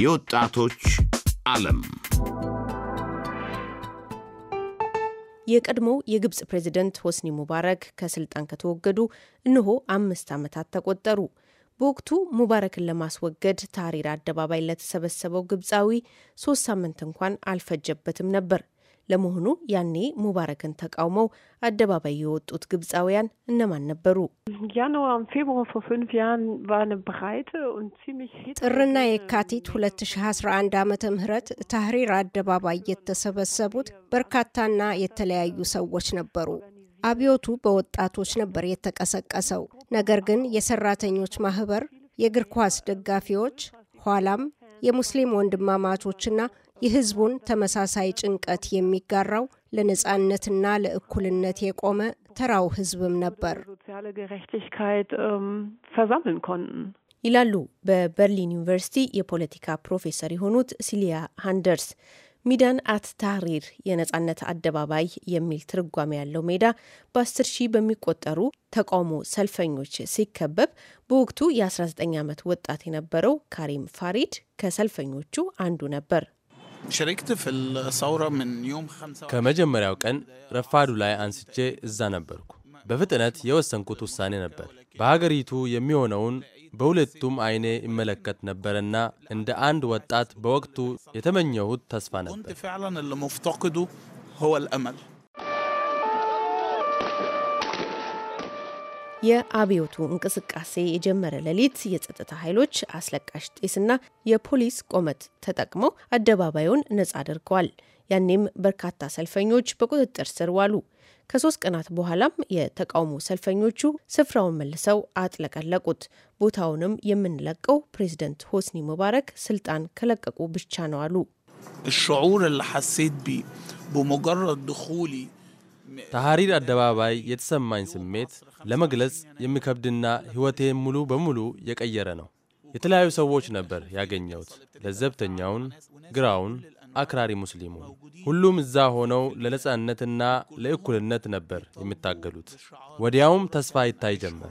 የወጣቶች ዓለም የቀድሞው የግብፅ ፕሬዝደንት ሆስኒ ሙባረክ ከስልጣን ከተወገዱ እነሆ አምስት ዓመታት ተቆጠሩ። በወቅቱ ሙባረክን ለማስወገድ ታህሪር አደባባይ ለተሰበሰበው ግብፃዊ ሶስት ሳምንት እንኳን አልፈጀበትም ነበር። ለመሆኑ ያኔ ሙባረክን ተቃውመው አደባባይ የወጡት ግብፃውያን እነማን ነበሩ? ጥርና የካቲት 2011 ዓመተ ምህረት ታህሪር አደባባይ የተሰበሰቡት በርካታና የተለያዩ ሰዎች ነበሩ። አብዮቱ በወጣቶች ነበር የተቀሰቀሰው። ነገር ግን የሰራተኞች ማህበር፣ የእግር ኳስ ደጋፊዎች፣ ኋላም የሙስሊም ወንድማማቾችና የህዝቡን ተመሳሳይ ጭንቀት የሚጋራው ለነፃነትና ለእኩልነት የቆመ ተራው ህዝብም ነበር ähm, ይላሉ በበርሊን ዩኒቨርሲቲ የፖለቲካ ፕሮፌሰር የሆኑት ሲሊያ ሃንደርስ። ሚዳን አት ታህሪር የነጻነት አደባባይ የሚል ትርጓሜ ያለው ሜዳ በ10 ሺህ በሚቆጠሩ ተቃውሞ ሰልፈኞች ሲከበብ በወቅቱ የ19 ዓመት ወጣት የነበረው ካሪም ፋሪድ ከሰልፈኞቹ አንዱ ነበር። شركت في الثورة من يوم خمسة كما جمّر يوكن رفادو لاي أنسيجي الزانة بركو بفتنات يوستن كوتو ساني نبر بهاجريتو يميونون بولتوم عينة الملكات نبرنا عند عند وطات بوقتو يتمنى يهود تسفان كنت فعلا اللي مفتقده هو الأمل የአብዮቱ እንቅስቃሴ የጀመረ ሌሊት የጸጥታ ኃይሎች አስለቃሽ ጤስና የፖሊስ ቆመት ተጠቅመው አደባባዩን ነጻ አድርገዋል። ያኔም በርካታ ሰልፈኞች በቁጥጥር ስር ዋሉ። ከሶስት ቀናት በኋላም የተቃውሞ ሰልፈኞቹ ስፍራውን መልሰው አጥለቀለቁት። ቦታውንም የምንለቀው ፕሬዚደንት ሆስኒ ሙባረክ ስልጣን ከለቀቁ ብቻ ነው አሉ። الشعور اللي حسيت بيه بمجرد دخولي ታሐሪር አደባባይ የተሰማኝ ስሜት ለመግለጽ የሚከብድና ሕይወቴን ሙሉ በሙሉ የቀየረ ነው። የተለያዩ ሰዎች ነበር ያገኘሁት፣ ለዘብተኛውን፣ ግራውን፣ አክራሪ ሙስሊሙን። ሁሉም እዛ ሆነው ለነጻነትና ለእኩልነት ነበር የሚታገሉት። ወዲያውም ተስፋ ይታይ ጀመር።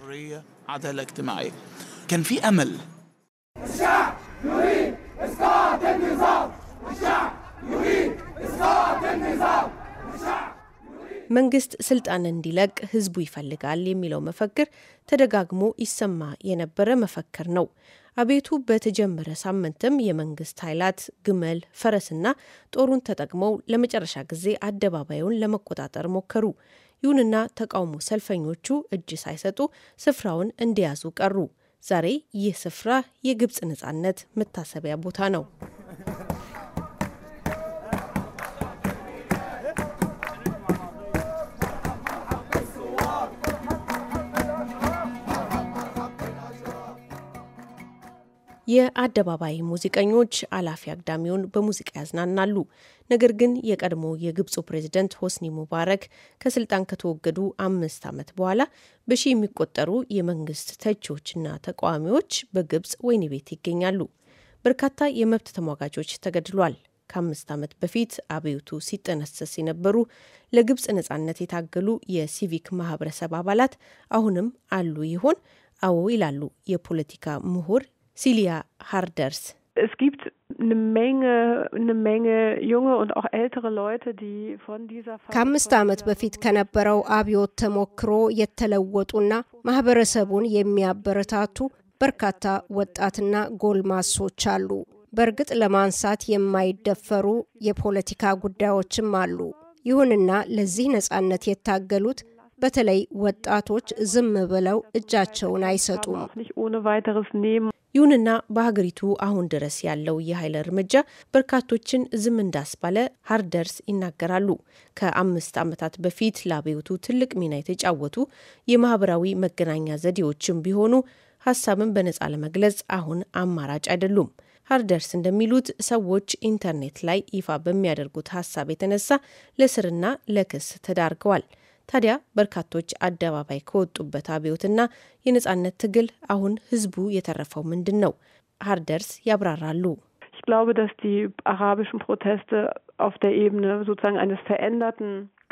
መንግስት ስልጣን እንዲለቅ ህዝቡ ይፈልጋል የሚለው መፈክር ተደጋግሞ ይሰማ የነበረ መፈክር ነው። አቤቱ በተጀመረ ሳምንትም የመንግስት ኃይላት ግመል፣ ፈረስና ጦሩን ተጠቅመው ለመጨረሻ ጊዜ አደባባዩን ለመቆጣጠር ሞከሩ። ይሁንና ተቃውሞ ሰልፈኞቹ እጅ ሳይሰጡ ስፍራውን እንዲያዙ ቀሩ። ዛሬ ይህ ስፍራ የግብፅ ነፃነት መታሰቢያ ቦታ ነው። የአደባባይ ሙዚቀኞች አላፊ አግዳሚውን በሙዚቃ ያዝናናሉ። ነገር ግን የቀድሞ የግብፁ ፕሬዝደንት ሆስኒ ሙባረክ ከስልጣን ከተወገዱ አምስት ዓመት በኋላ በሺ የሚቆጠሩ የመንግስት ተቺዎችና ተቃዋሚዎች በግብፅ ወህኒ ቤት ይገኛሉ። በርካታ የመብት ተሟጋቾች ተገድሏል። ከአምስት ዓመት በፊት አብዮቱ ሲጠነሰስ የነበሩ ለግብፅ ነፃነት የታገሉ የሲቪክ ማህበረሰብ አባላት አሁንም አሉ ይሆን? አዎ ይላሉ የፖለቲካ ምሁር Celia Harders. Es gibt eine Menge, eine Menge junge und auch ältere Leute, die von dieser ከአምስት ዓመት በፊት ከነበረው አብዮት ተሞክሮ የተለወጡና ማህበረሰቡን የሚያበረታቱ በርካታ ወጣትና ጎልማሶች አሉ። በእርግጥ ለማንሳት የማይደፈሩ የፖለቲካ ጉዳዮችም አሉ። ይሁንና ለዚህ ነጻነት የታገሉት በተለይ ወጣቶች ዝም ብለው እጃቸውን አይሰጡም። ይሁንና በሀገሪቱ አሁን ድረስ ያለው የኃይል እርምጃ በርካቶችን ዝም እንዳስባለ ሀርደርስ ይናገራሉ። ከአምስት ዓመታት በፊት ለአብዮቱ ትልቅ ሚና የተጫወቱ የማህበራዊ መገናኛ ዘዴዎችም ቢሆኑ ሀሳብን በነፃ ለመግለጽ አሁን አማራጭ አይደሉም። ሀርደርስ እንደሚሉት ሰዎች ኢንተርኔት ላይ ይፋ በሚያደርጉት ሀሳብ የተነሳ ለስርና ለክስ ተዳርገዋል። ታዲያ በርካቶች አደባባይ ከወጡበት አብዮትና የነጻነት ትግል አሁን ህዝቡ የተረፈው ምንድን ነው? ሀርደርስ ያብራራሉ።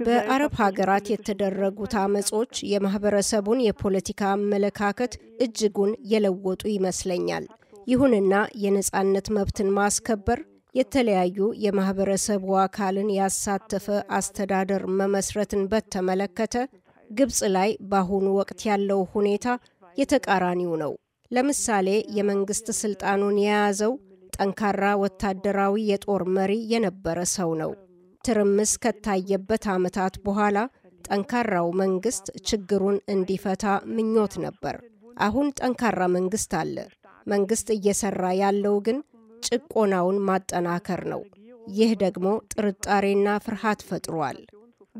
በአረብ ሀገራት የተደረጉት አመጾች የማህበረሰቡን የፖለቲካ አመለካከት እጅጉን የለወጡ ይመስለኛል። ይሁንና የነጻነት መብትን ማስከበር የተለያዩ የማህበረሰቡ አካልን ያሳተፈ አስተዳደር መመስረትን በተመለከተ ግብጽ ላይ በአሁኑ ወቅት ያለው ሁኔታ የተቃራኒው ነው። ለምሳሌ የመንግስት ስልጣኑን የያዘው ጠንካራ ወታደራዊ የጦር መሪ የነበረ ሰው ነው። ትርምስ ከታየበት ዓመታት በኋላ ጠንካራው መንግስት ችግሩን እንዲፈታ ምኞት ነበር። አሁን ጠንካራ መንግስት አለ። መንግስት እየሰራ ያለው ግን ጭቆናውን ማጠናከር ነው። ይህ ደግሞ ጥርጣሬና ፍርሃት ፈጥሯል።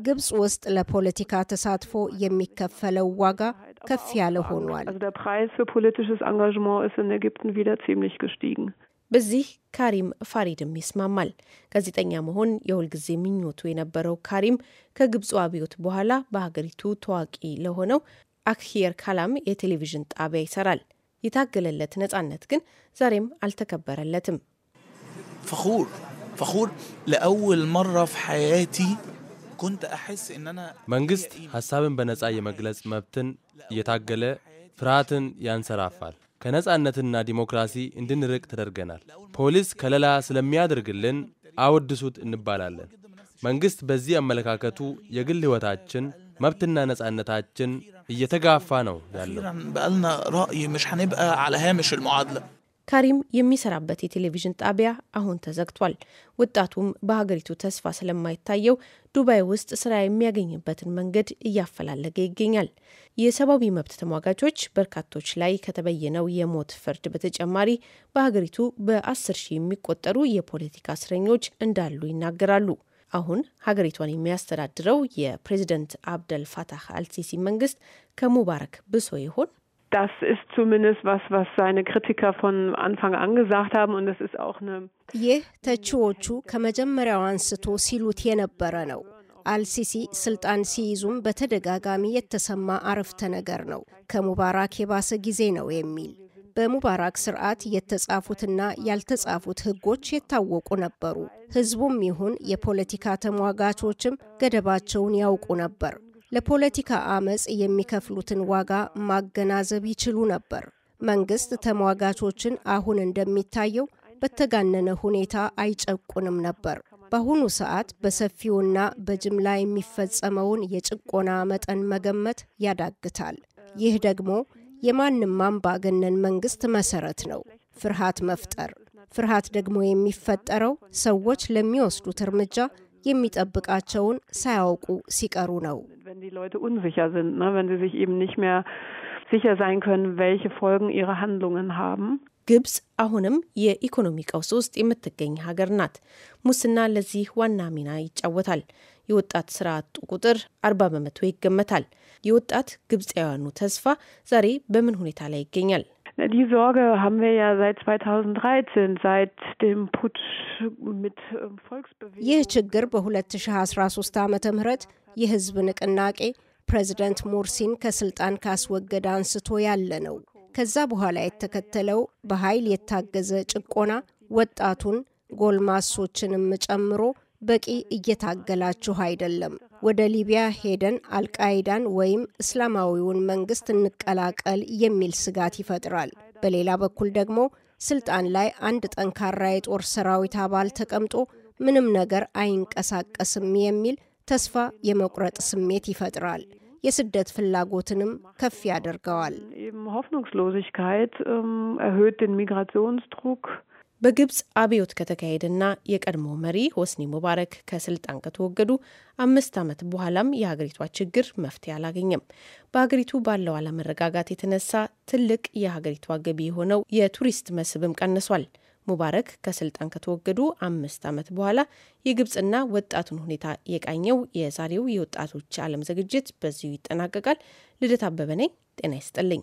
ግብፅ ውስጥ ለፖለቲካ ተሳትፎ የሚከፈለው ዋጋ ከፍ ያለ ሆኗል። በዚህ ካሪም ፋሪድም ይስማማል። ጋዜጠኛ መሆን የሁልጊዜ ምኞቱ የነበረው ካሪም ከግብፁ አብዮት በኋላ በሀገሪቱ ታዋቂ ለሆነው አክሂር ካላም የቴሌቪዥን ጣቢያ ይሰራል። የታገለለት ነጻነት ግን ዛሬም አልተከበረለትም። መራ ፍ መንግስት ሀሳብን በነጻ የመግለጽ መብትን እየታገለ ፍርሃትን ያንሰራፋል። ከነጻነትና ዲሞክራሲ እንድንርቅ ተደርገናል። ፖሊስ ከለላ ስለሚያደርግልን አወድሱት እንባላለን። መንግስት በዚህ አመለካከቱ የግል ህይወታችን። መብትና ነጻነታችን እየተጋፋ ነው ያለው። ካሪም የሚሰራበት የቴሌቪዥን ጣቢያ አሁን ተዘግቷል። ወጣቱም በሀገሪቱ ተስፋ ስለማይታየው ዱባይ ውስጥ ስራ የሚያገኝበትን መንገድ እያፈላለገ ይገኛል። የሰብአዊ መብት ተሟጋቾች በርካቶች ላይ ከተበየነው የሞት ፍርድ በተጨማሪ በሀገሪቱ በአስር ሺህ የሚቆጠሩ የፖለቲካ እስረኞች እንዳሉ ይናገራሉ። አሁን ሀገሪቷን የሚያስተዳድረው የፕሬዚደንት አብደል ፋታህ አልሲሲ መንግስት ከሙባረክ ብሶ ይሆን? ይህ ተቺዎቹ ከመጀመሪያው አንስቶ ሲሉት የነበረ ነው። አልሲሲ ስልጣን ሲይዙም በተደጋጋሚ የተሰማ አረፍተ ነገር ነው። ከሙባራክ የባሰ ጊዜ ነው የሚል በሙባራክ ስርዓት የተጻፉትና ያልተጻፉት ህጎች የታወቁ ነበሩ። ህዝቡም ይሁን የፖለቲካ ተሟጋቾችም ገደባቸውን ያውቁ ነበር። ለፖለቲካ አመፅ የሚከፍሉትን ዋጋ ማገናዘብ ይችሉ ነበር። መንግስት ተሟጋቾችን አሁን እንደሚታየው በተጋነነ ሁኔታ አይጨቁንም ነበር። በአሁኑ ሰዓት በሰፊውና በጅምላ የሚፈጸመውን የጭቆና መጠን መገመት ያዳግታል። ይህ ደግሞ የማንም አምባገነን መንግስት መሰረት ነው ፍርሃት መፍጠር። ፍርሃት ደግሞ የሚፈጠረው ሰዎች ለሚወስዱት እርምጃ የሚጠብቃቸውን ሳያውቁ ሲቀሩ ነው። ግብጽ አሁንም የኢኮኖሚ ቀውስ ውስጥ የምትገኝ ሀገር ናት። ሙስና ለዚህ ዋና ሚና ይጫወታል። የወጣት ስራ አጡ ቁጥር 40 በመቶ ይገመታል። የወጣት ግብፃውያኑ ተስፋ ዛሬ በምን ሁኔታ ላይ ይገኛል? ይህ ችግር በ2013 ዓ ም የህዝብ ንቅናቄ ፕሬዚደንት ሙርሲን ከስልጣን ካስወገደ አንስቶ ያለ ነው። ከዛ በኋላ የተከተለው በኃይል የታገዘ ጭቆና ወጣቱን ጎልማሶችንም ጨምሮ በቂ እየታገላችሁ አይደለም። ወደ ሊቢያ ሄደን አልቃይዳን ወይም እስላማዊውን መንግስት እንቀላቀል የሚል ስጋት ይፈጥራል። በሌላ በኩል ደግሞ ስልጣን ላይ አንድ ጠንካራ የጦር ሰራዊት አባል ተቀምጦ ምንም ነገር አይንቀሳቀስም የሚል ተስፋ የመቁረጥ ስሜት ይፈጥራል። የስደት ፍላጎትንም ከፍ ያደርገዋል። በግብፅ አብዮት ከተካሄደና የቀድሞ መሪ ሆስኒ ሙባረክ ከስልጣን ከተወገዱ አምስት ዓመት በኋላም የሀገሪቷ ችግር መፍትሄ አላገኘም። በሀገሪቱ ባለው አለመረጋጋት የተነሳ ትልቅ የሀገሪቷ ገቢ የሆነው የቱሪስት መስህብም ቀንሷል። ሙባረክ ከስልጣን ከተወገዱ አምስት ዓመት በኋላ የግብፅና ወጣቱን ሁኔታ የቃኘው የዛሬው የወጣቶች ዓለም ዝግጅት በዚሁ ይጠናቀቃል። ልደት አበበ ነኝ። ጤና ይስጥልኝ።